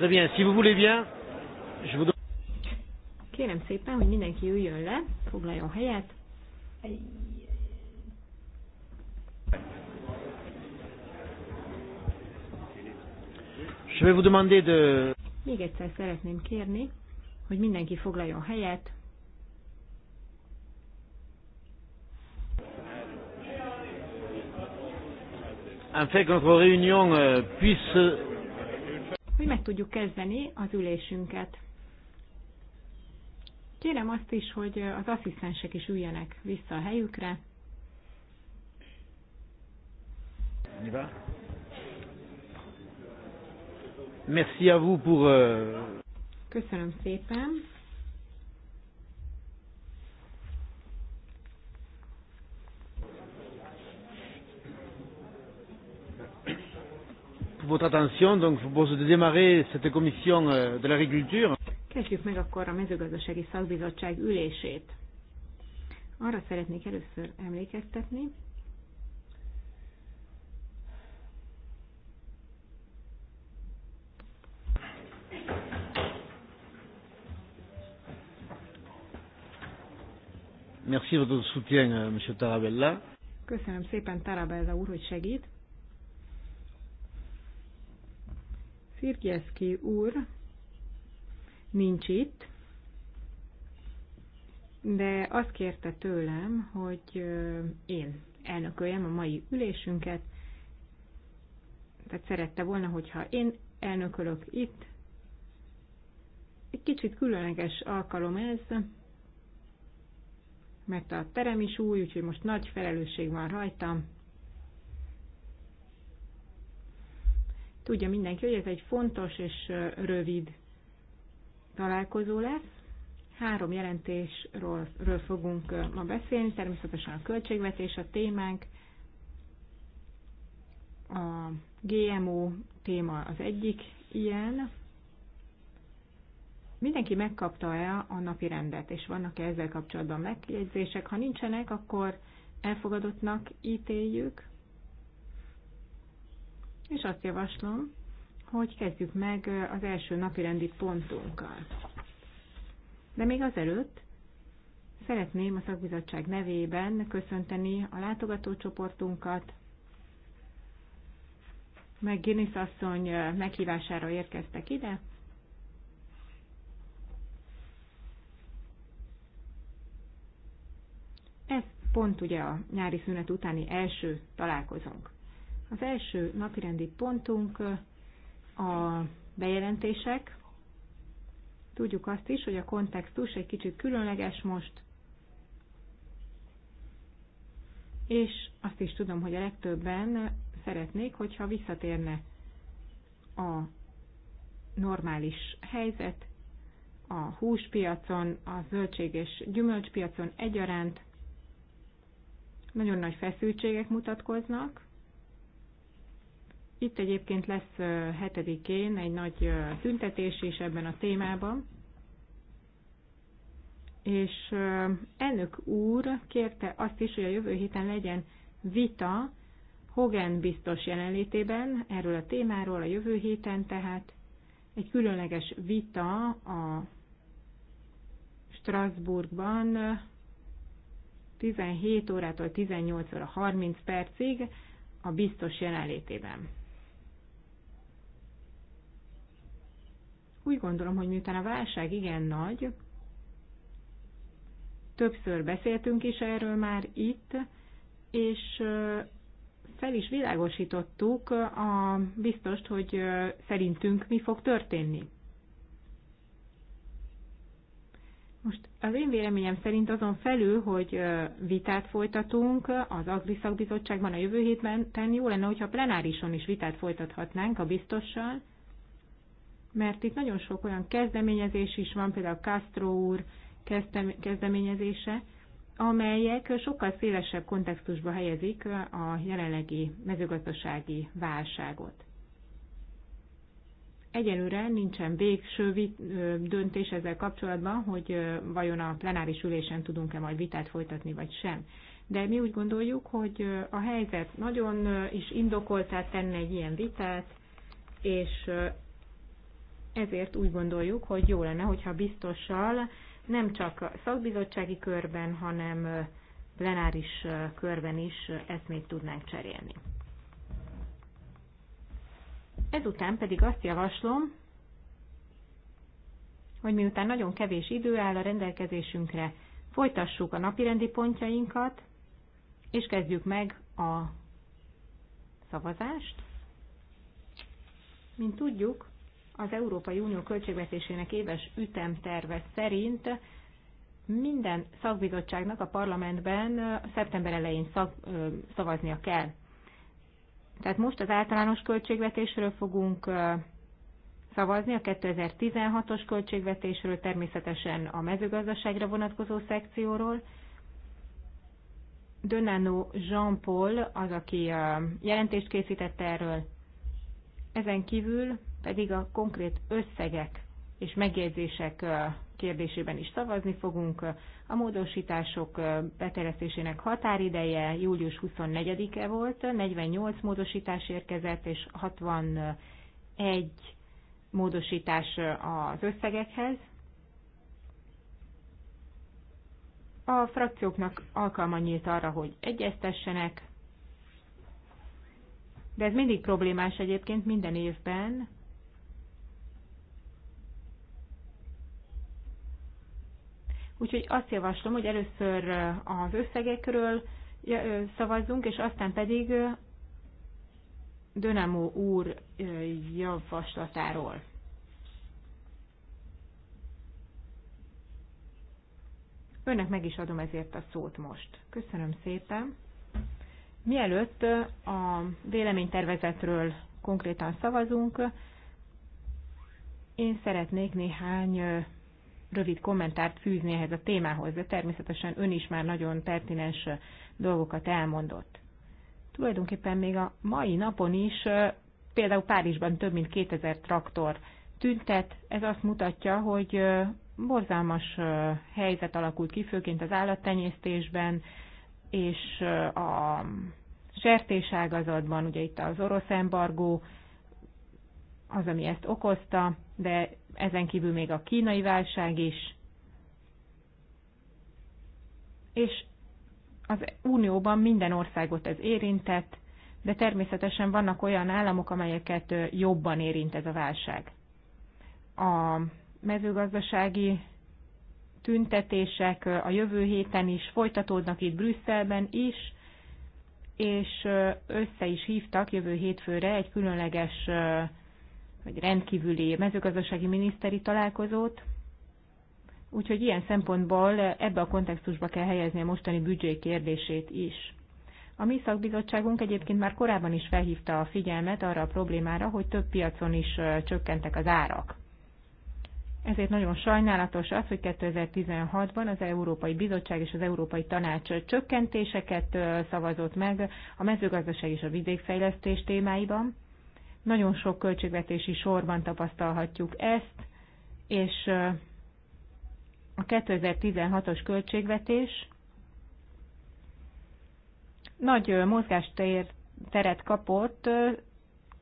Très bien, si vous voulez bien, je vous Kérem szépen, hogy mindenki üljön le, foglaljon helyet. Je vais vous demander de... Még egyszer szeretném kérni, hogy mindenki foglaljon helyet. En fait, que notre réunion euh, puisse hogy meg tudjuk kezdeni az ülésünket. Kérem azt is, hogy az asszisztensek is üljenek vissza a helyükre. Euh, Köszönöm szépen. votre attention. Donc, je propose de démarrer cette commission euh, de l'agriculture. Kezdjük meg akkor a mezőgazdasági szakbizottság ülését. Arra szeretnék először emlékeztetni, Merci de votre soutien, euh, Monsieur Tarabella. Köszönöm szépen Tarabella úr, hogy segít. Virgieszki úr nincs itt, de azt kérte tőlem, hogy én elnököljem a mai ülésünket, tehát szerette volna, hogyha én elnökölök itt. Egy kicsit különleges alkalom ez, mert a terem is új, úgyhogy most nagy felelősség van rajtam Tudja mindenki, hogy ez egy fontos és rövid találkozó lesz. Három jelentésről fogunk ma beszélni, természetesen a költségvetés a témánk, a GMO téma az egyik ilyen. Mindenki megkapta-e a napi rendet, és vannak-e ezzel kapcsolatban megjegyzések? Ha nincsenek, akkor elfogadottnak ítéljük és azt javaslom, hogy kezdjük meg az első rendi pontunkkal. De még azelőtt szeretném a szakbizottság nevében köszönteni a látogatócsoportunkat. Meg Guinness asszony meghívására érkeztek ide. Ez pont ugye a nyári szünet utáni első találkozónk. Az első napirendi pontunk a bejelentések. Tudjuk azt is, hogy a kontextus egy kicsit különleges most, és azt is tudom, hogy a legtöbben szeretnék, hogyha visszatérne a normális helyzet a húspiacon, a zöldség és gyümölcspiacon egyaránt. Nagyon nagy feszültségek mutatkoznak, itt egyébként lesz hetedikén egy nagy tüntetés is ebben a témában. És elnök úr kérte azt is, hogy a jövő héten legyen vita Hogan biztos jelenlétében erről a témáról a jövő héten, tehát egy különleges vita a Strasbourgban 17 órától 18 óra 30 percig a biztos jelenlétében. Úgy gondolom, hogy miután a válság igen nagy, többször beszéltünk is erről már itt, és fel is világosítottuk a biztost, hogy szerintünk mi fog történni. Most az én véleményem szerint azon felül, hogy vitát folytatunk az Agri Szakbizottságban a jövő hétben, jó lenne, hogyha plenárison is vitát folytathatnánk a biztossal, mert itt nagyon sok olyan kezdeményezés is van, például Castro úr kezdeményezése, amelyek sokkal szélesebb kontextusba helyezik a jelenlegi mezőgazdasági válságot. Egyelőre nincsen végső döntés ezzel kapcsolatban, hogy vajon a plenáris ülésen tudunk-e majd vitát folytatni, vagy sem. De mi úgy gondoljuk, hogy a helyzet nagyon is indokoltá tenne egy ilyen vitát, és ezért úgy gondoljuk, hogy jó lenne, hogyha biztossal nem csak a szakbizottsági körben, hanem plenáris körben is eszmét tudnánk cserélni. Ezután pedig azt javaslom, hogy miután nagyon kevés idő áll a rendelkezésünkre, folytassuk a napirendi pontjainkat, és kezdjük meg a szavazást. Mint tudjuk, az Európai Unió költségvetésének éves ütemterve szerint minden szakbizottságnak a parlamentben szeptember elején szak, ö, szavaznia kell. Tehát most az általános költségvetésről fogunk ö, szavazni, a 2016-os költségvetésről, természetesen a mezőgazdaságra vonatkozó szekcióról. Dönánó Jean-Paul az, aki jelentést készítette erről. Ezen kívül pedig a konkrét összegek és megjegyzések kérdésében is szavazni fogunk. A módosítások beteresztésének határideje július 24-e volt, 48 módosítás érkezett, és 61 módosítás az összegekhez. A frakcióknak alkalma nyílt arra, hogy egyeztessenek, de ez mindig problémás egyébként minden évben, Úgyhogy azt javaslom, hogy először eh, az összegekről szavazzunk, és aztán pedig eh, Dönemó úr eh, javaslatáról. Önnek meg is adom ezért a szót most. Köszönöm szépen. Mielőtt a véleménytervezetről konkrétan szavazunk, én szeretnék néhány rövid kommentárt fűzni ehhez a témához, de természetesen ön is már nagyon pertinens dolgokat elmondott. Tulajdonképpen még a mai napon is, például Párizsban több mint 2000 traktor tüntet, ez azt mutatja, hogy borzalmas helyzet alakult ki, főként az állattenyésztésben, és a sertéságazatban, ugye itt az orosz embargó az, ami ezt okozta, de ezen kívül még a kínai válság is. És az Unióban minden országot ez érintett, de természetesen vannak olyan államok, amelyeket jobban érint ez a válság. A mezőgazdasági tüntetések a jövő héten is folytatódnak itt Brüsszelben is, és össze is hívtak jövő hétfőre egy különleges egy rendkívüli mezőgazdasági miniszteri találkozót, úgyhogy ilyen szempontból ebbe a kontextusba kell helyezni a mostani büdzsé kérdését is. A mi szakbizottságunk egyébként már korábban is felhívta a figyelmet arra a problémára, hogy több piacon is csökkentek az árak. Ezért nagyon sajnálatos az, hogy 2016-ban az Európai Bizottság és az Európai Tanács csökkentéseket szavazott meg a mezőgazdaság és a vidékfejlesztés témáiban, nagyon sok költségvetési sorban tapasztalhatjuk ezt, és a 2016-os költségvetés nagy mozgásteret kapott,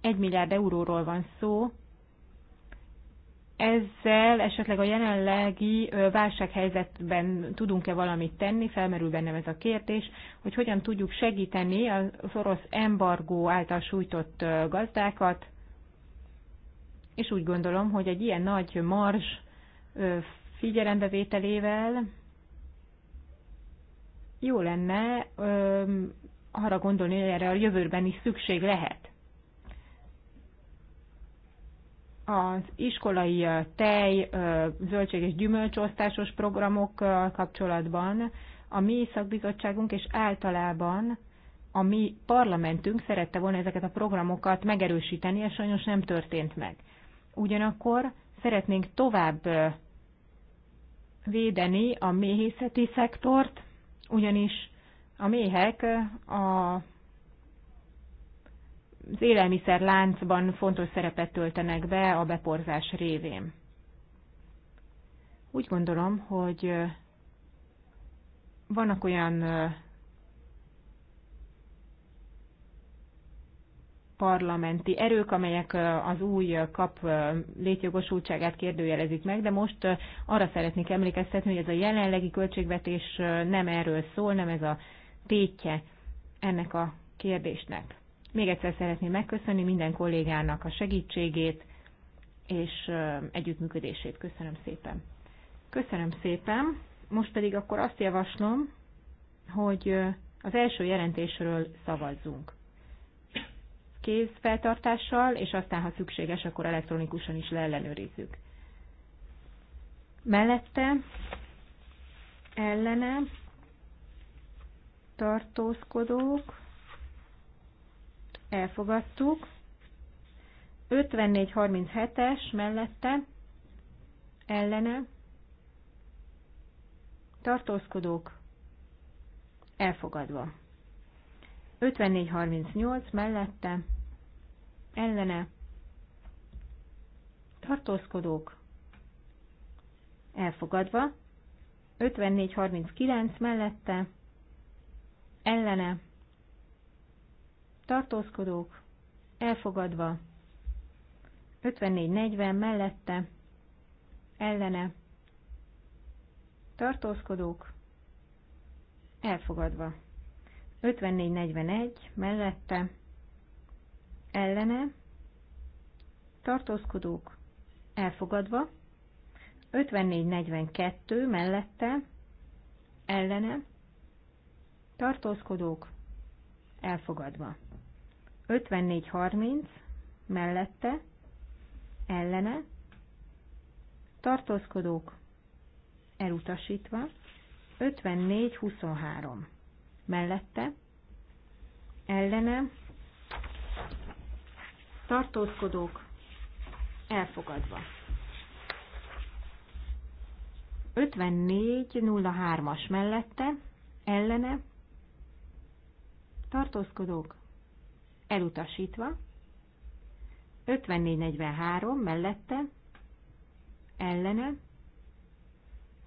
1 milliárd euróról van szó, ezzel esetleg a jelenlegi válsághelyzetben tudunk-e valamit tenni, felmerül bennem ez a kérdés, hogy hogyan tudjuk segíteni az orosz embargó által sújtott gazdákat, és úgy gondolom, hogy egy ilyen nagy marzs figyelembevételével jó lenne arra gondolni, hogy erre a jövőben is szükség lehet. az iskolai tej, zöldség és gyümölcsosztásos programok kapcsolatban a mi szakbizottságunk és általában a mi parlamentünk szerette volna ezeket a programokat megerősíteni, és sajnos nem történt meg. Ugyanakkor szeretnénk tovább védeni a méhészeti szektort, ugyanis a méhek a az élelmiszer láncban fontos szerepet töltenek be a beporzás révén. Úgy gondolom, hogy vannak olyan parlamenti erők, amelyek az új kap létjogosultságát kérdőjelezik meg, de most arra szeretnék emlékeztetni, hogy ez a jelenlegi költségvetés nem erről szól, nem ez a tétje ennek a kérdésnek. Még egyszer szeretném megköszönni minden kollégának a segítségét és együttműködését. Köszönöm szépen. Köszönöm szépen. Most pedig akkor azt javaslom, hogy az első jelentésről szavazzunk. Kézfeltartással, és aztán, ha szükséges, akkor elektronikusan is leellenőrizzük. Mellette, ellene, tartózkodók, elfogadtuk. 54-37-es mellette ellene tartózkodók elfogadva. 54-38 mellette ellene tartózkodók elfogadva. 54-39 mellette ellene tartózkodók, elfogadva, 54-40 mellette, ellene, tartózkodók, elfogadva, 54-41 mellette, ellene, tartózkodók, elfogadva, 54-42 mellette, ellene, tartózkodók, elfogadva. 54-30 mellette, ellene, tartózkodók elutasítva, 54-23 mellette, ellene, tartózkodók elfogadva. 5403 as mellette, ellene, tartózkodók elutasítva, 54-43 mellette, ellene,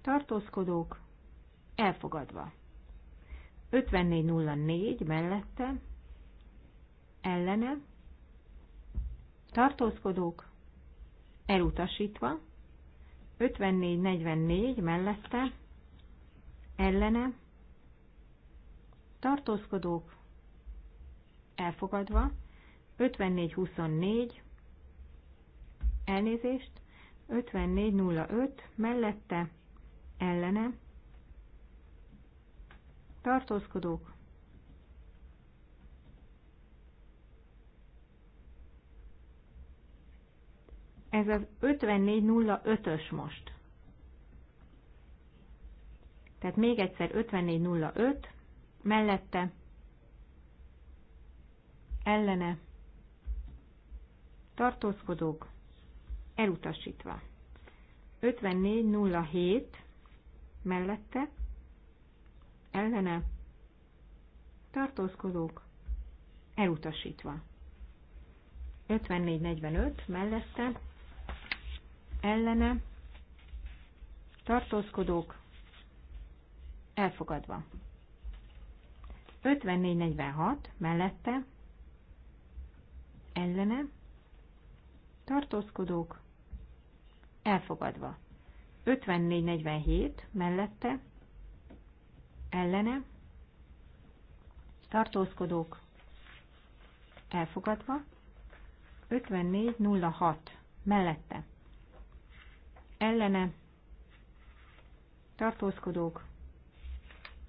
tartózkodók, elfogadva. 54-04 mellette, ellene, tartózkodók, elutasítva, 54-44 mellette, ellene, tartózkodók, elfogadva, 54-24, elnézést, 54-05, mellette, ellene, tartózkodók, ez az 54.05-ös most. Tehát még egyszer 54.05, mellette ellene tartózkodók elutasítva. 5407 mellette ellene tartózkodók elutasítva. 5445 mellette ellene tartózkodók elfogadva. 5446 mellette ellene, tartózkodók, elfogadva. 54-47 mellette, ellene, tartózkodók, elfogadva. 54-06 mellette, ellene, tartózkodók,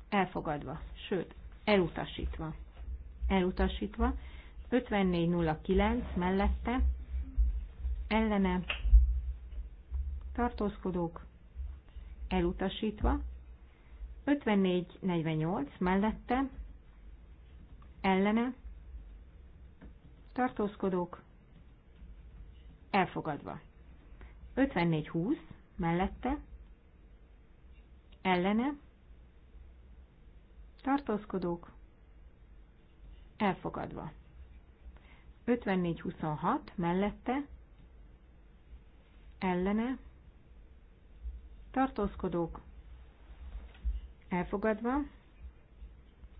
elfogadva, sőt, elutasítva. Elutasítva, 5409 mellette ellene tartózkodók elutasítva, 5448 mellette ellene tartózkodók elfogadva, 5420 mellette ellene tartózkodók elfogadva. 54-26 mellette ellene tartózkodók elfogadva,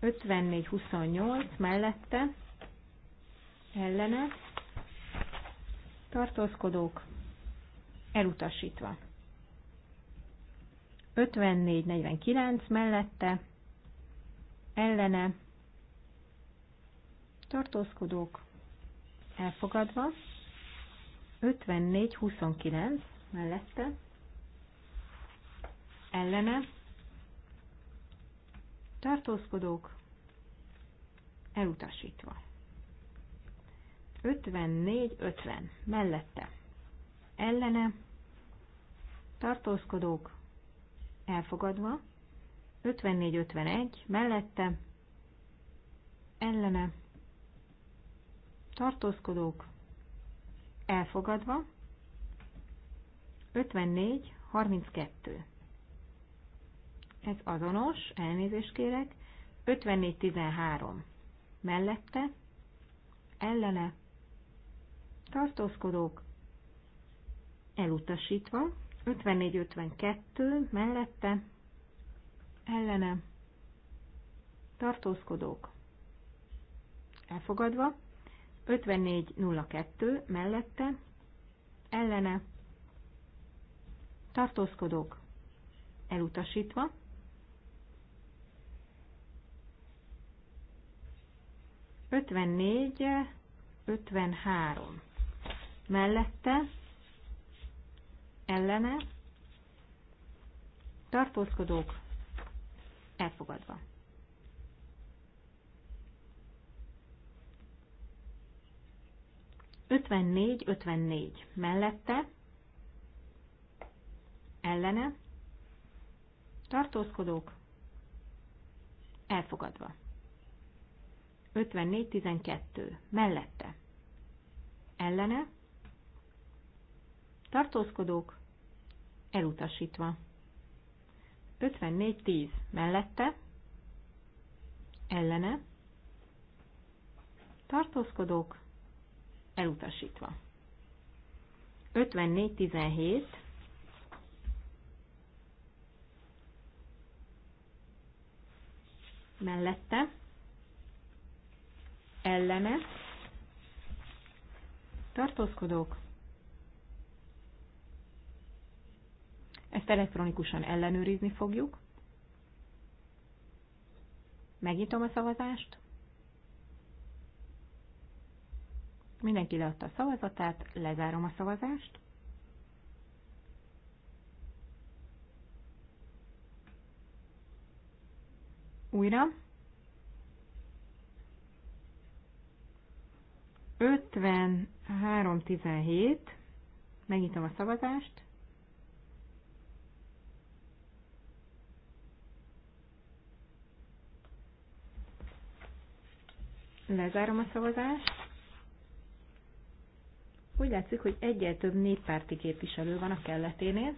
54-28 mellette ellene tartózkodók elutasítva. 54-49 mellette ellene tartózkodók elfogadva, 54-29 mellette, ellene, tartózkodók, elutasítva. 54-50 mellette, ellene, tartózkodók, elfogadva, 54-51 mellette, ellene, tartózkodók elfogadva, 54, 32. Ez azonos, elnézést kérek, 54, 13. Mellette, ellene, tartózkodók elutasítva, 54, 52, mellette, ellene, tartózkodók elfogadva, 54-53. 5402 mellette, ellene, tartózkodók elutasítva, ötvennégy, ötvenhárom mellette, ellene, tartózkodók elfogadva. 54-54 mellette, ellene, tartózkodók, elfogadva. 54-12 mellette, ellene, tartózkodók, elutasítva. 54-10 mellette, ellene, tartózkodók, elutasítva. 54-17 mellette ellene tartózkodók. Ezt elektronikusan ellenőrizni fogjuk. Megnyitom a szavazást. Mindenki leadta a szavazatát, lezárom a szavazást. Újra. 53.17. Megnyitom a szavazást. Lezárom a szavazást. Úgy látszik, hogy egyel több néppárti képviselő van a kelleténél.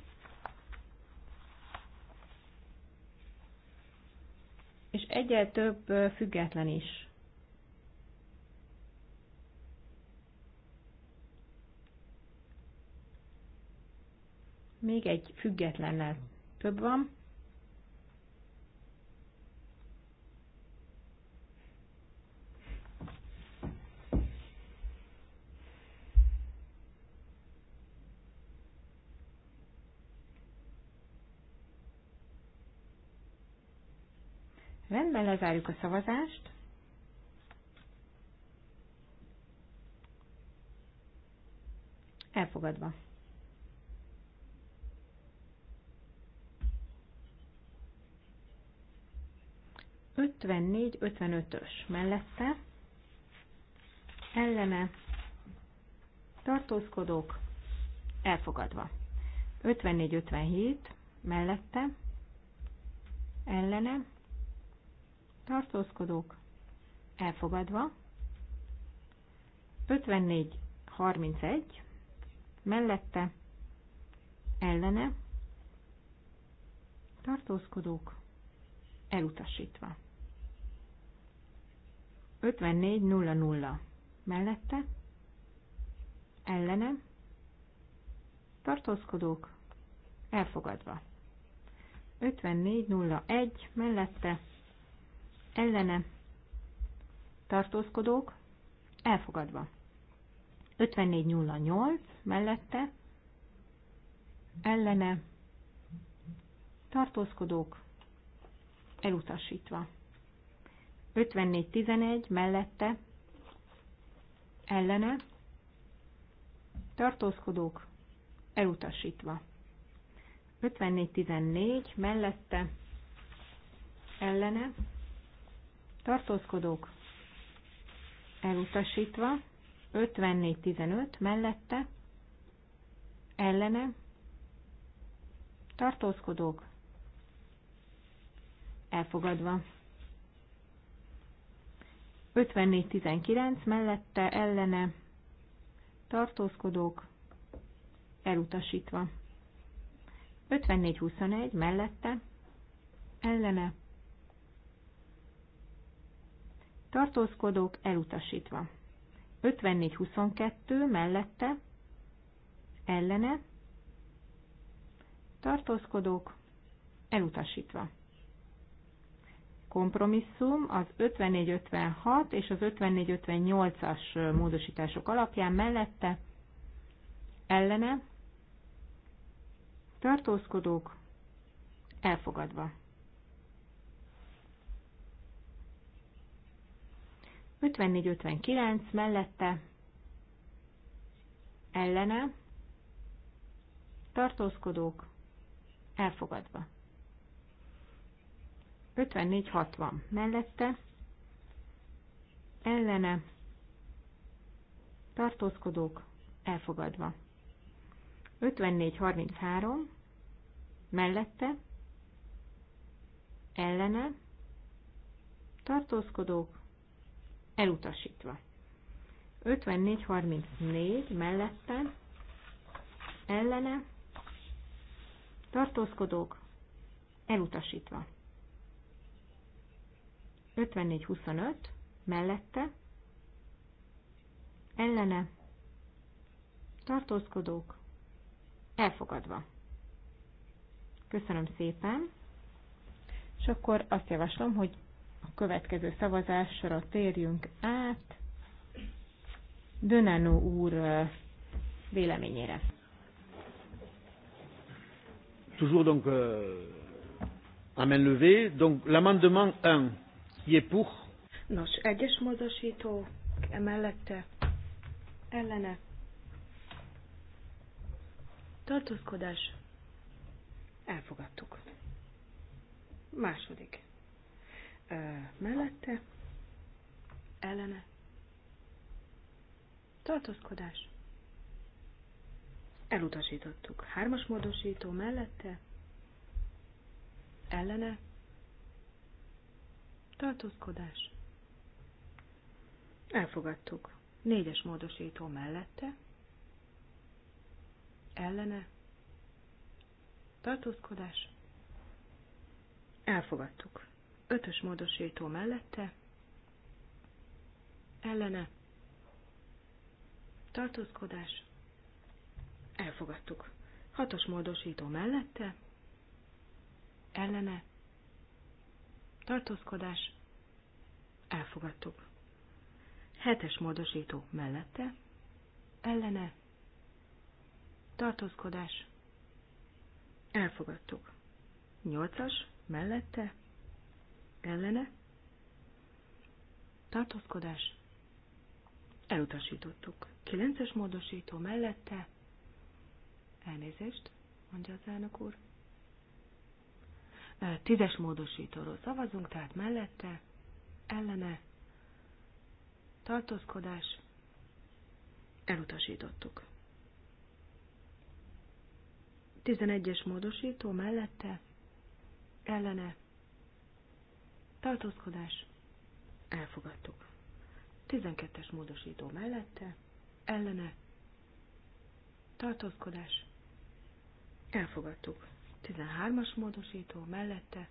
És egyel több független is. Még egy függetlennel több van. Rendben, lezárjuk a szavazást. Elfogadva. Ötvennégy, ös mellette ellene tartózkodók elfogadva. 54-57 mellette ellene tartózkodók, elfogadva. 54, 31, mellette, ellene, tartózkodók, elutasítva. 54 54.00 mellette, ellene, tartózkodók, elfogadva. 54 54.01 mellette, ellene tartózkodók elfogadva. 5408 mellette ellene tartózkodók elutasítva. 5411 mellette ellene tartózkodók elutasítva. 5414 mellette ellene tartózkodók elutasítva, 54-15 mellette, ellene, tartózkodók elfogadva. 54-19 mellette, ellene, tartózkodók elutasítva. 54-21 mellette, ellene, tartózkodók elutasítva. 54-22 mellette, ellene, tartózkodók elutasítva. Kompromisszum az 54-56 és az 54-58-as módosítások alapján mellette, ellene, tartózkodók elfogadva. 54-59 mellette ellene tartózkodók elfogadva. 54-60 mellette ellene tartózkodók elfogadva. 54-33 mellette ellene tartózkodók elutasítva. 54-34 mellette ellene tartózkodók elutasítva. 54-25 mellette ellene tartózkodók elfogadva. Köszönöm szépen, és akkor azt javaslom, hogy következő szavazásra térjünk át. Dönenó úr véleményére. Toujours donc euh, à main levée, donc l'amendement 1 qui est pour. Nos, egyes módosító emellette ellene tartózkodás elfogadtuk. Második mellette, ellene, tartózkodás, elutasítottuk. Hármas módosító mellette, ellene, tartózkodás, elfogadtuk. Négyes módosító mellette, ellene, tartózkodás, elfogadtuk. Ötös módosító mellette, ellene, tartózkodás, elfogadtuk. Hatos módosító mellette, ellene, tartózkodás, elfogadtuk. Hetes módosító mellette, ellene, tartózkodás, elfogadtuk. Nyolcas mellette, ellene, tartózkodás, elutasítottuk. Kilences módosító mellette, elnézést, mondja az elnök úr, tízes módosítóról szavazunk, tehát mellette, ellene, tartózkodás, elutasítottuk. 11-es módosító mellette, ellene, tartózkodás, elfogadtuk. 12-es módosító mellette, ellene, tartózkodás, elfogadtuk. 13-as módosító mellette,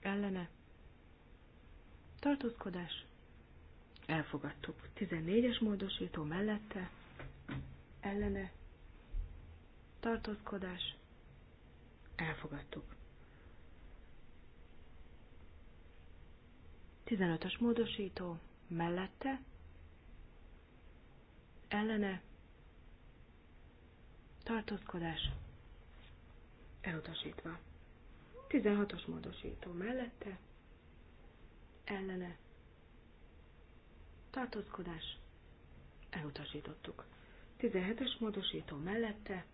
ellene, tartózkodás, elfogadtuk. 14-es módosító mellette, ellene, tartózkodás, elfogadtuk. 15-ös módosító mellette, ellene, tartózkodás, elutasítva. 16-os módosító mellette, ellene, tartózkodás, elutasítottuk. 17-es módosító mellette,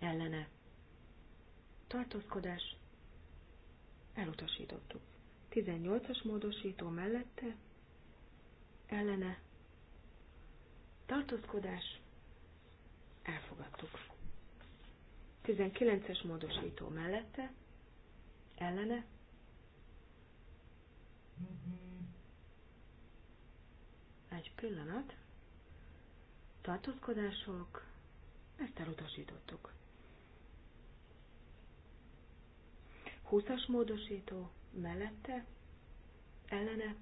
ellene, tartózkodás, elutasítottuk. 18-as módosító mellette ellene tartózkodás elfogadtuk. 19-es módosító mellette ellene egy pillanat tartózkodások ezt elutasítottuk. 20-as módosító mellette, ellene,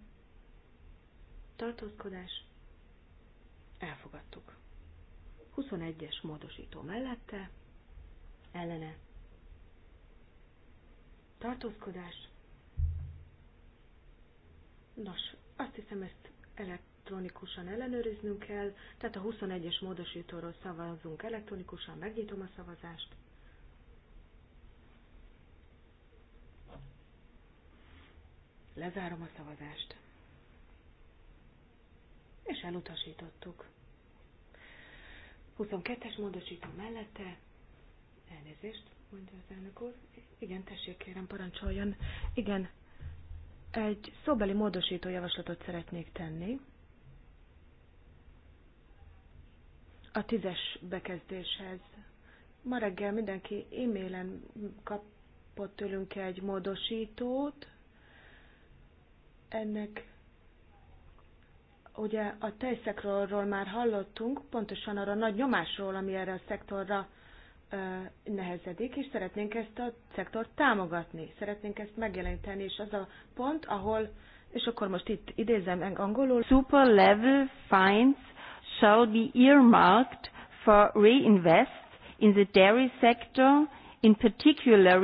tartózkodás, elfogadtuk. 21-es módosító mellette, ellene, tartózkodás. Nos, azt hiszem ezt elektronikusan ellenőriznünk kell, tehát a 21-es módosítóról szavazunk elektronikusan, megnyitom a szavazást. Lezárom a szavazást. És elutasítottuk. 22-es módosító mellette, elnézést, mondja az elnök úr. Igen, tessék, kérem, parancsoljon. Igen, egy szóbeli módosító javaslatot szeretnék tenni. A tízes bekezdéshez. Ma reggel mindenki e-mailen kapott tőlünk egy módosítót, ennek ugye a tejszektorról már hallottunk, pontosan arra a nagy nyomásról, ami erre a szektorra ö, nehezedik, és szeretnénk ezt a szektort támogatni, szeretnénk ezt megjelenteni, és az a pont, ahol, és akkor most itt idézem meg angolul. Super level fines shall be earmarked for reinvest in the dairy sector, in particular."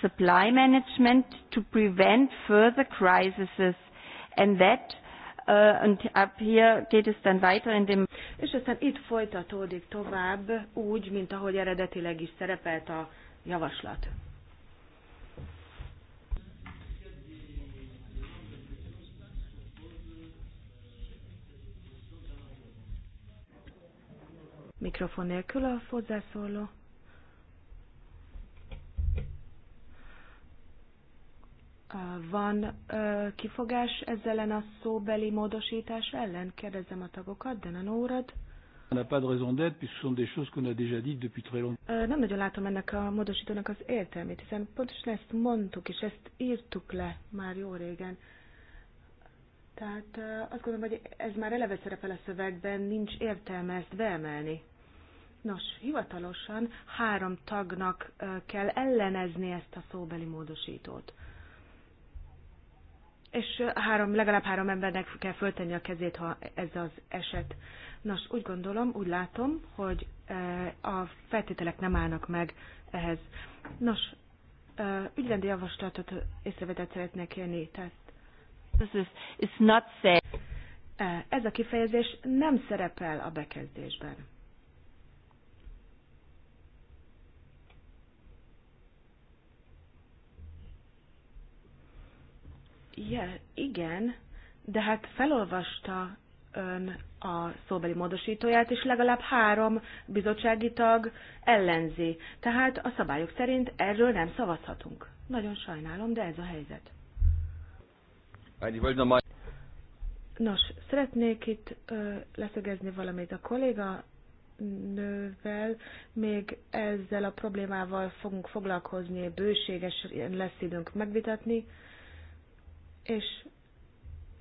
supply management to prevent further crises and that Uh, and up here geht es dann weiter in dem és aztán itt folytatódik tovább úgy, mint ahogy eredetileg is szerepelt a javaslat. Mikrofon nélkül a hozzászóló. Van kifogás ezzel ellen a szóbeli módosítás ellen? Kérdezem a tagokat, de nem órad. Nem nagyon látom ennek a módosítónak az értelmét, hiszen pontosan ezt mondtuk, és ezt írtuk le már jó régen. Tehát azt gondolom, hogy ez már eleve szerepel a szövegben, nincs értelme ezt beemelni. Nos, hivatalosan három tagnak kell ellenezni ezt a szóbeli módosítót és három, legalább három embernek kell föltenni a kezét, ha ez az eset. Nos, úgy gondolom, úgy látom, hogy a feltételek nem állnak meg ehhez. Nos, ügyrendi javaslatot észrevetett szeretnék kérni. Tehát This is, it's not safe. Ez a kifejezés nem szerepel a bekezdésben. Ja, igen, de hát felolvasta ön a szóbeli módosítóját, és legalább három bizottsági tag ellenzi. Tehát a szabályok szerint erről nem szavazhatunk. Nagyon sajnálom, de ez a helyzet. Nos, szeretnék itt ö, leszögezni valamit a kolléga nővel, még ezzel a problémával fogunk foglalkozni, bőséges lesz időnk megvitatni. Ö, és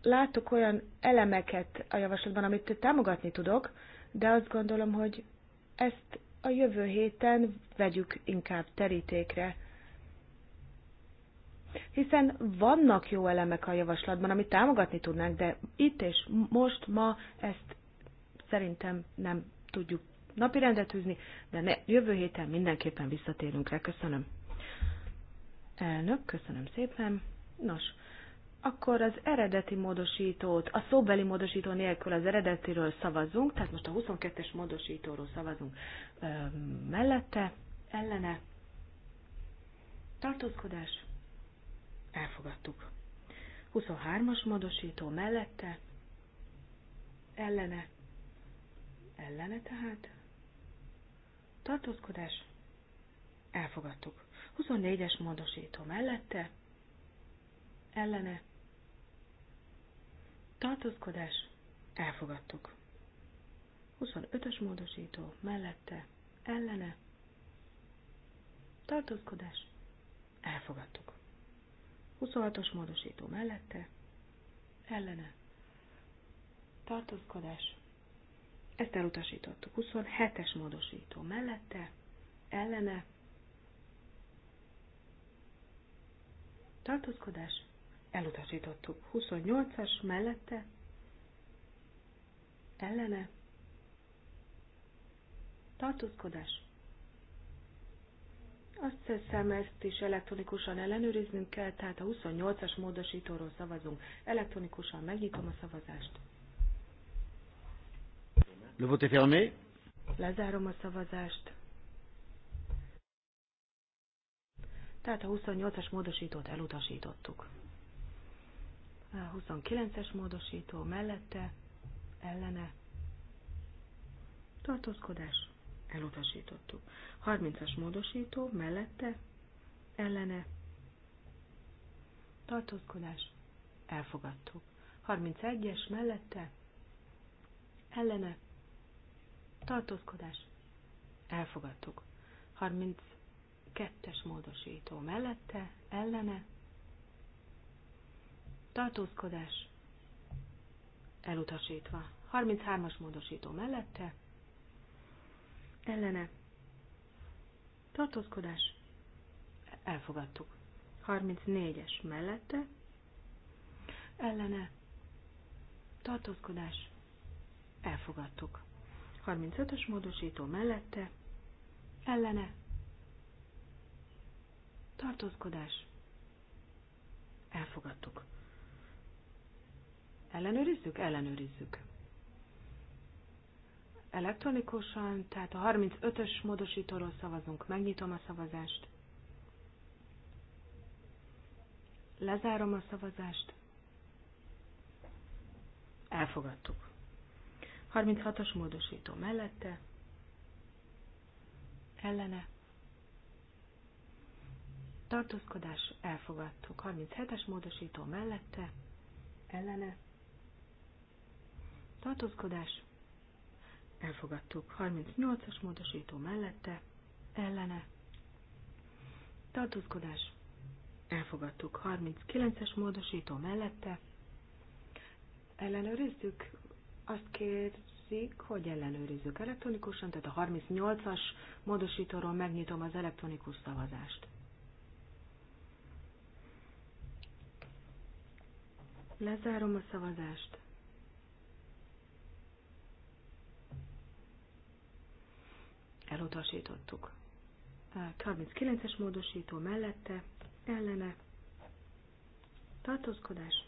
látok olyan elemeket a javaslatban, amit támogatni tudok, de azt gondolom, hogy ezt a jövő héten vegyük inkább terítékre. Hiszen vannak jó elemek a javaslatban, amit támogatni tudnánk, de itt és most, ma ezt szerintem nem tudjuk napirendet húzni, de ne, jövő héten mindenképpen visszatérünk rá. Köszönöm. Elnök, köszönöm szépen. Nos, akkor az eredeti módosítót, a szóbeli módosító nélkül az eredetiről szavazunk, tehát most a 22-es módosítóról szavazunk ö, mellette, ellene. Tartózkodás. Elfogadtuk. 23-as módosító mellette, ellene. Ellene tehát. Tartózkodás. Elfogadtuk. 24-es módosító mellette, ellene tartózkodás, elfogadtuk. 25-ös módosító, mellette, ellene, tartózkodás, elfogadtuk. 26-os módosító mellette, ellene, tartózkodás, ezt elutasítottuk. 27-es módosító mellette, ellene, tartózkodás, elutasítottuk. 28-as mellette ellene tartózkodás. Azt hiszem, ezt is elektronikusan ellenőriznünk kell, tehát a 28-as módosítóról szavazunk. Elektronikusan megnyitom a szavazást. Le vote fermé. Lezárom a szavazást. Tehát a 28-as módosítót elutasítottuk. 29-es módosító mellette, ellene, tartózkodás, elutasítottuk. 30-as módosító mellette, ellene, tartózkodás, elfogadtuk. 31-es mellette, ellene, tartózkodás, elfogadtuk. 32-es módosító mellette, ellene, tartózkodás elutasítva. 33-as módosító mellette, ellene, tartózkodás, elfogadtuk. 34-es mellette, ellene, tartózkodás, elfogadtuk. 35-ös módosító mellette, ellene, tartózkodás, elfogadtuk. Ellenőrizzük? Ellenőrizzük. Elektronikusan, tehát a 35-ös módosítóról szavazunk. Megnyitom a szavazást. Lezárom a szavazást. Elfogadtuk. 36-os módosító mellette. Ellene. Tartózkodás elfogadtuk. 37-es módosító mellette. Ellene tartózkodás, elfogadtuk. 38-as módosító mellette, ellene, tartózkodás, elfogadtuk. 39-es módosító mellette, ellenőrizzük, azt kérzik, hogy ellenőrizzük elektronikusan, tehát a 38-as módosítóról megnyitom az elektronikus szavazást. Lezárom a szavazást. elutasítottuk. 39-es módosító mellette, ellene, tartózkodás,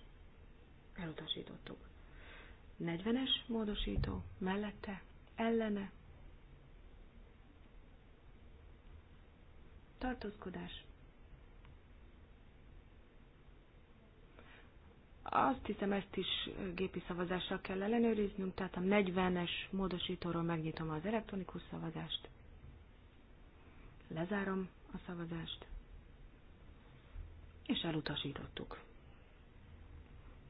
elutasítottuk. 40-es módosító mellette, ellene, tartózkodás. Azt hiszem, ezt is gépi szavazással kell ellenőriznünk, tehát a 40-es módosítóról megnyitom az elektronikus szavazást. Lezárom a szavazást. És elutasítottuk.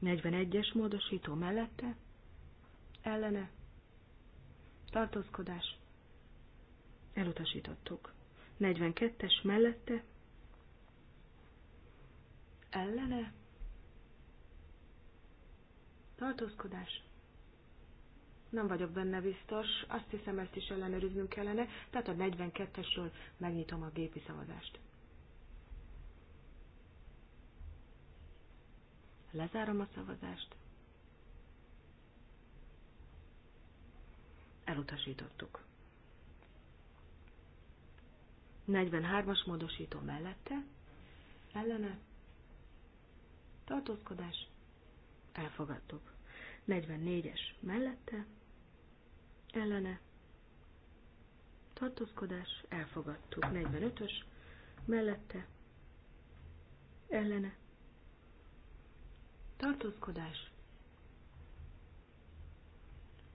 41-es módosító mellette, ellene, tartózkodás, elutasítottuk. 42-es mellette, ellene, tartózkodás, nem vagyok benne biztos, azt hiszem ezt is ellenőriznünk kellene, tehát a 42-esről megnyitom a gépi szavazást. Lezárom a szavazást. Elutasítottuk. 43-as módosító mellette, ellene, tartózkodás, elfogadtuk. 44-es mellette, ellene tartózkodás, elfogadtuk. 45-ös, mellette, ellene, tartózkodás.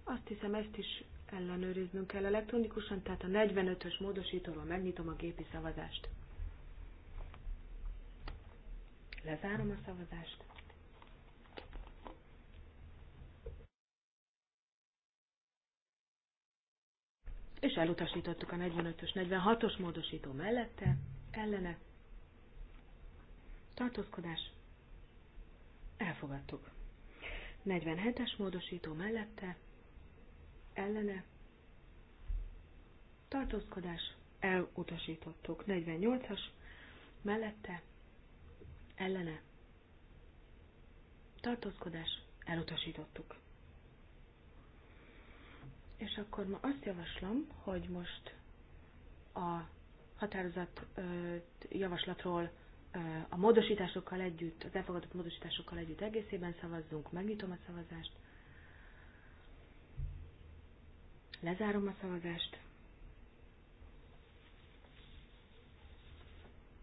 Azt hiszem, ezt is ellenőriznünk kell elektronikusan, tehát a 45-ös módosítóról megnyitom a gépi szavazást. Lezárom a szavazást. és elutasítottuk a 45-ös, 46-os módosító mellette, ellene, tartózkodás, elfogadtuk. 47-es módosító mellette, ellene, tartózkodás, elutasítottuk. 48-as mellette, ellene, tartózkodás, elutasítottuk. És akkor ma azt javaslom, hogy most a határozat javaslatról a módosításokkal együtt, az elfogadott módosításokkal együtt egészében szavazzunk, megnyitom a szavazást, lezárom a szavazást,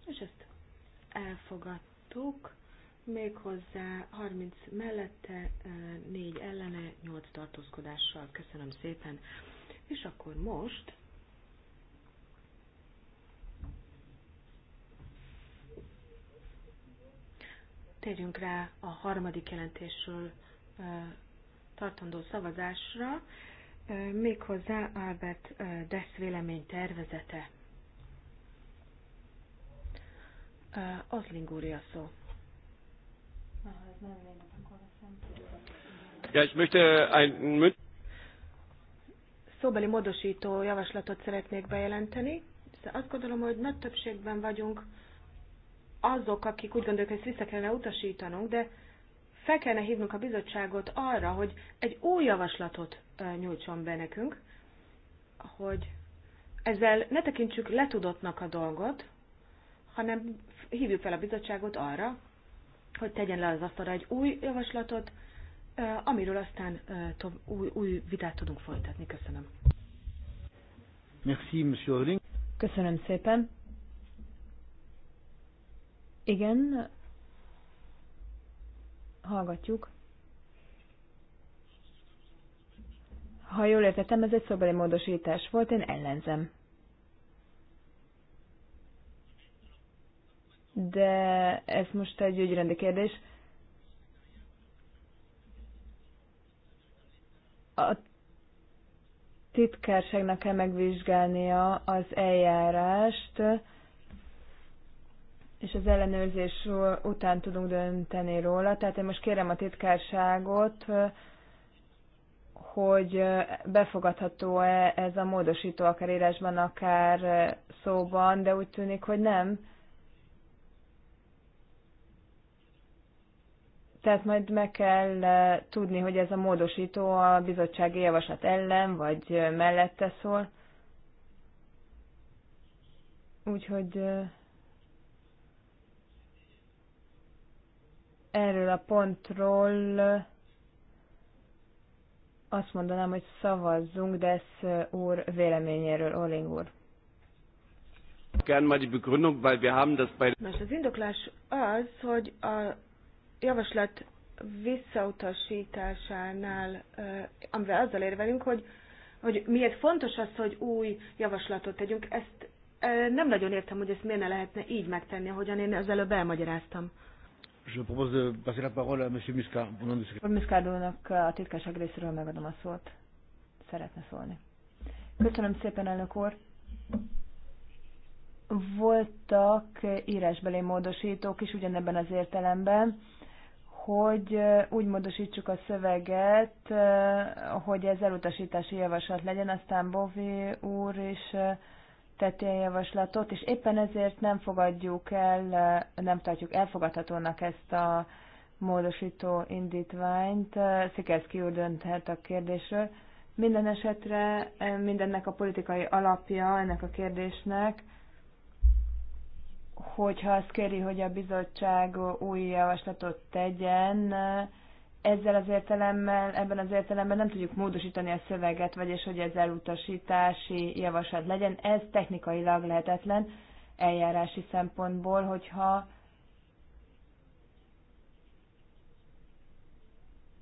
és ezt elfogadtuk méghozzá 30 mellette, 4 ellene, 8 tartózkodással. Köszönöm szépen. És akkor most térjünk rá a harmadik jelentésről tartandó szavazásra, méghozzá Albert Dess vélemény tervezete. Az lingúria szó. Ja, ich möchte ein szóbeli módosító javaslatot szeretnék bejelenteni. Azt gondolom, hogy nagy többségben vagyunk azok, akik úgy gondolják, hogy ezt vissza kellene utasítanunk, de fel kellene hívnunk a bizottságot arra, hogy egy új javaslatot nyújtson be nekünk, hogy ezzel ne tekintsük letudottnak a dolgot, hanem hívjuk fel a bizottságot arra, hogy tegyen le az asztalra egy új javaslatot, amiről aztán új, új vitát tudunk folytatni. Köszönöm. Merci, Monsieur Ring. Köszönöm szépen. Igen, hallgatjuk. Ha jól értettem, ez egy szobeli módosítás volt, én ellenzem. de ez most egy ügyrendi kérdés. A titkárságnak kell megvizsgálnia az eljárást, és az ellenőrzés után tudunk dönteni róla. Tehát én most kérem a titkárságot, hogy befogadható-e ez a módosító, akár írásban, akár szóban, de úgy tűnik, hogy nem. Tehát majd meg kell eh, tudni, hogy ez a módosító a bizottsági javaslat ellen, vagy eh, mellette szól. Úgyhogy eh, erről a pontról azt mondanám, hogy szavazzunk ez úr véleményéről, Oling úr. Most az indoklás az, hogy a javaslat visszautasításánál, amivel azzal érvelünk, hogy, hogy miért fontos az, hogy új javaslatot tegyünk, ezt nem nagyon értem, hogy ezt miért ne lehetne így megtenni, ahogyan én az előbb elmagyaráztam. Je propose de passer la parole à M. Muscard. Muscardónak a titkárság részéről megadom a szót. Szeretne szólni. Köszönöm szépen, elnök úr. Voltak írásbeli módosítók is ugyanebben az értelemben, hogy úgy módosítsuk a szöveget, hogy ez elutasítási javaslat legyen, aztán Bovi úr is tett ilyen javaslatot, és éppen ezért nem fogadjuk el, nem tartjuk elfogadhatónak ezt a módosító indítványt. Szikerszki úr dönthet a kérdésről. Minden esetre mindennek a politikai alapja ennek a kérdésnek hogyha azt kéri, hogy a bizottság új javaslatot tegyen, ezzel az értelemmel, ebben az értelemben nem tudjuk módosítani a szöveget, vagyis hogy ez elutasítási javaslat legyen. Ez technikailag lehetetlen eljárási szempontból, hogyha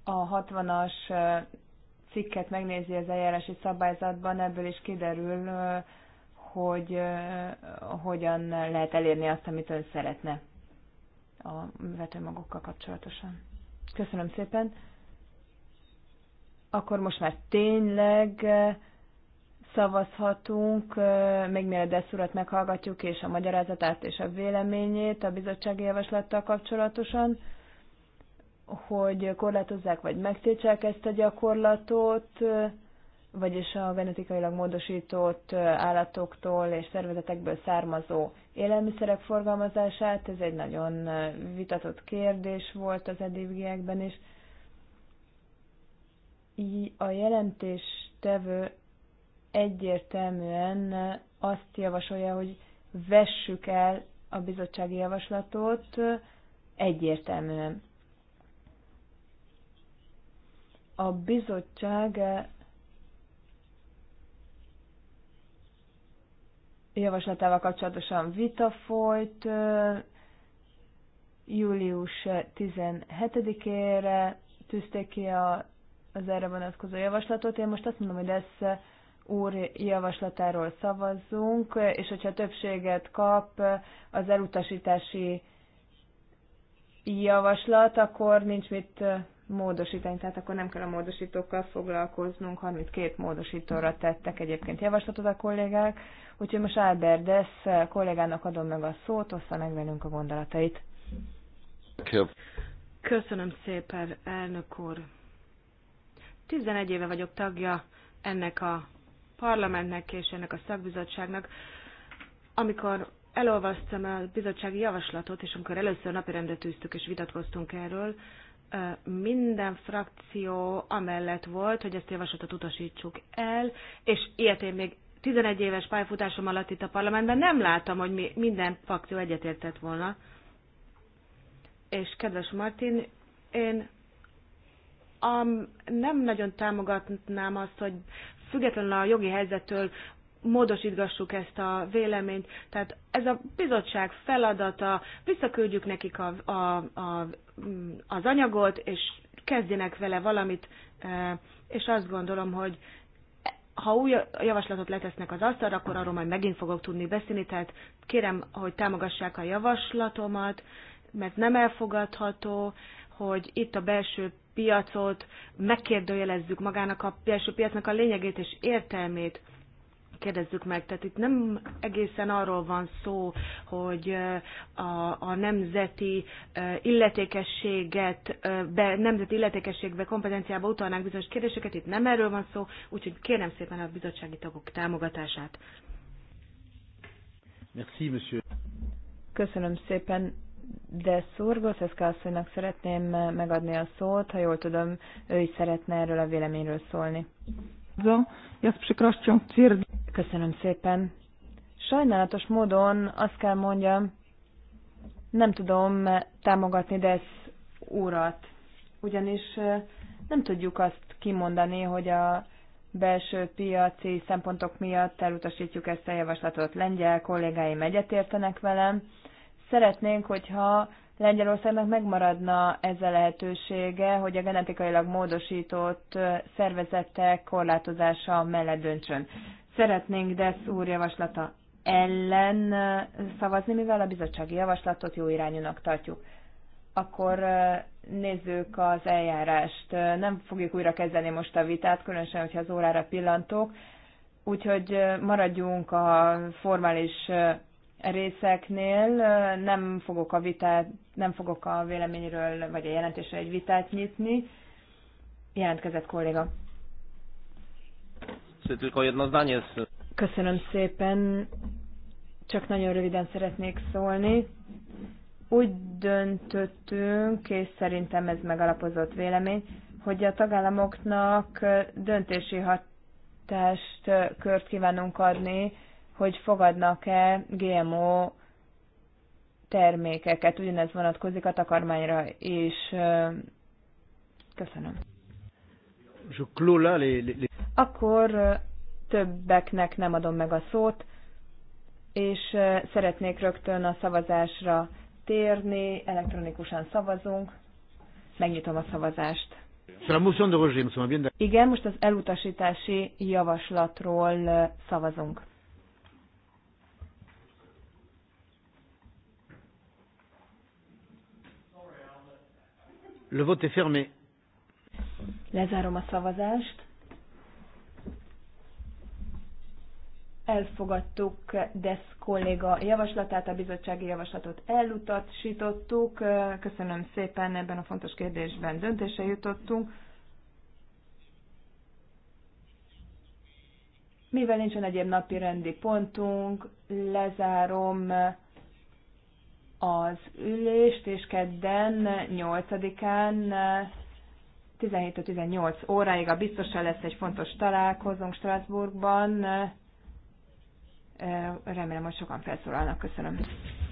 a 60-as cikket megnézi az eljárási szabályzatban, ebből is kiderül, hogy hogyan lehet elérni azt, amit ön szeretne a vetőmagokkal kapcsolatosan. Köszönöm szépen. Akkor most már tényleg szavazhatunk, még mielőtt ezt urat meghallgatjuk, és a magyarázatát és a véleményét a bizottsági javaslattal kapcsolatosan, hogy korlátozzák vagy megtiltsák ezt a gyakorlatot, vagyis a genetikailag módosított állatoktól és szervezetekből származó élelmiszerek forgalmazását. Ez egy nagyon vitatott kérdés volt az eddigiekben is. A jelentéstevő egyértelműen azt javasolja, hogy vessük el a bizottsági javaslatot egyértelműen. A bizottság javaslatával kapcsolatosan vita folyt július 17-ére tűzték ki a, az erre vonatkozó javaslatot. Én most azt mondom, hogy lesz úr javaslatáról szavazzunk, és hogyha többséget kap az elutasítási javaslat, akkor nincs mit módosítani, tehát akkor nem kell a módosítókkal foglalkoznunk, 32 módosítóra tettek egyébként javaslatot a kollégák, úgyhogy most Albert Dess kollégának adom meg a szót, ossza meg velünk a gondolatait. Köszönöm szépen, elnök úr. 11 éve vagyok tagja ennek a parlamentnek és ennek a szakbizottságnak. Amikor elolvastam a bizottsági javaslatot, és amikor először napirendet tűztük és vitatkoztunk erről, minden frakció amellett volt, hogy ezt a javaslatot utasítsuk el, és ilyet én még 11 éves pályafutásom alatt itt a parlamentben nem láttam, hogy mi, minden frakció egyetértett volna. És kedves Martin, én nem nagyon támogatnám azt, hogy függetlenül a jogi helyzettől módosítgassuk ezt a véleményt. Tehát ez a bizottság feladata, visszaküldjük nekik a, a, a, mm, az anyagot, és kezdjenek vele valamit, e, és azt gondolom, hogy ha új javaslatot letesznek az asztalra, akkor arról majd megint fogok tudni beszélni, tehát kérem, hogy támogassák a javaslatomat, mert nem elfogadható, hogy itt a belső piacot megkérdőjelezzük magának a belső piacnak a lényegét és értelmét kérdezzük meg. Tehát itt nem egészen arról van szó, hogy a, a nemzeti illetékességet, be, nemzeti illetékességbe, kompetenciába utalnánk bizonyos kérdéseket, itt nem erről van szó, úgyhogy kérem szépen a bizottsági tagok támogatását. Merci, monsieur. Köszönöm szépen, de Szurgoszeszka asszonynak szeretném megadni a szót, ha jól tudom, ő is szeretne erről a véleményről szólni. Köszönöm szépen. Sajnálatos módon azt kell mondjam, nem tudom eh, támogatni Desz úrat, ugyanis eh, nem tudjuk azt kimondani, hogy a belső piaci szempontok miatt elutasítjuk ezt a javaslatot. Lengyel kollégáim egyetértenek velem. Szeretnénk, hogyha Lengyelországnak megmaradna ez a lehetősége, hogy a genetikailag módosított szervezetek korlátozása mellett döntsön. Szeretnénk Desz úr javaslata ellen szavazni, mivel a bizottsági javaslatot jó irányúnak tartjuk. Akkor nézzük az eljárást. Nem fogjuk újra kezdeni most a vitát, különösen, hogyha az órára pillantok. Úgyhogy maradjunk a formális részeknél. Nem fogok a vitát, nem fogok a véleményről vagy a jelentésre egy vitát nyitni. Jelentkezett kolléga. Köszönöm szépen. Csak nagyon röviden szeretnék szólni. Úgy döntöttünk, és szerintem ez megalapozott vélemény, hogy a tagállamoknak döntési hatást kört kívánunk adni hogy fogadnak-e GMO termékeket. Ugyanez vonatkozik a takarmányra is. Köszönöm. Akkor többeknek nem adom meg a szót, és szeretnék rögtön a szavazásra térni. Elektronikusan szavazunk. Megnyitom a szavazást. Igen, most az elutasítási javaslatról szavazunk. Le vote est fermé. Lezárom a szavazást. Elfogadtuk Desz kolléga javaslatát, a bizottsági javaslatot elutasítottuk. Köszönöm szépen, ebben a fontos kérdésben döntése jutottunk. Mivel nincsen egyéb napi rendi pontunk, lezárom az ülést, és kedden 8-án 17-18 óráig a biztosan lesz egy fontos találkozónk Strasbourgban. Remélem, hogy sokan felszólalnak. Köszönöm.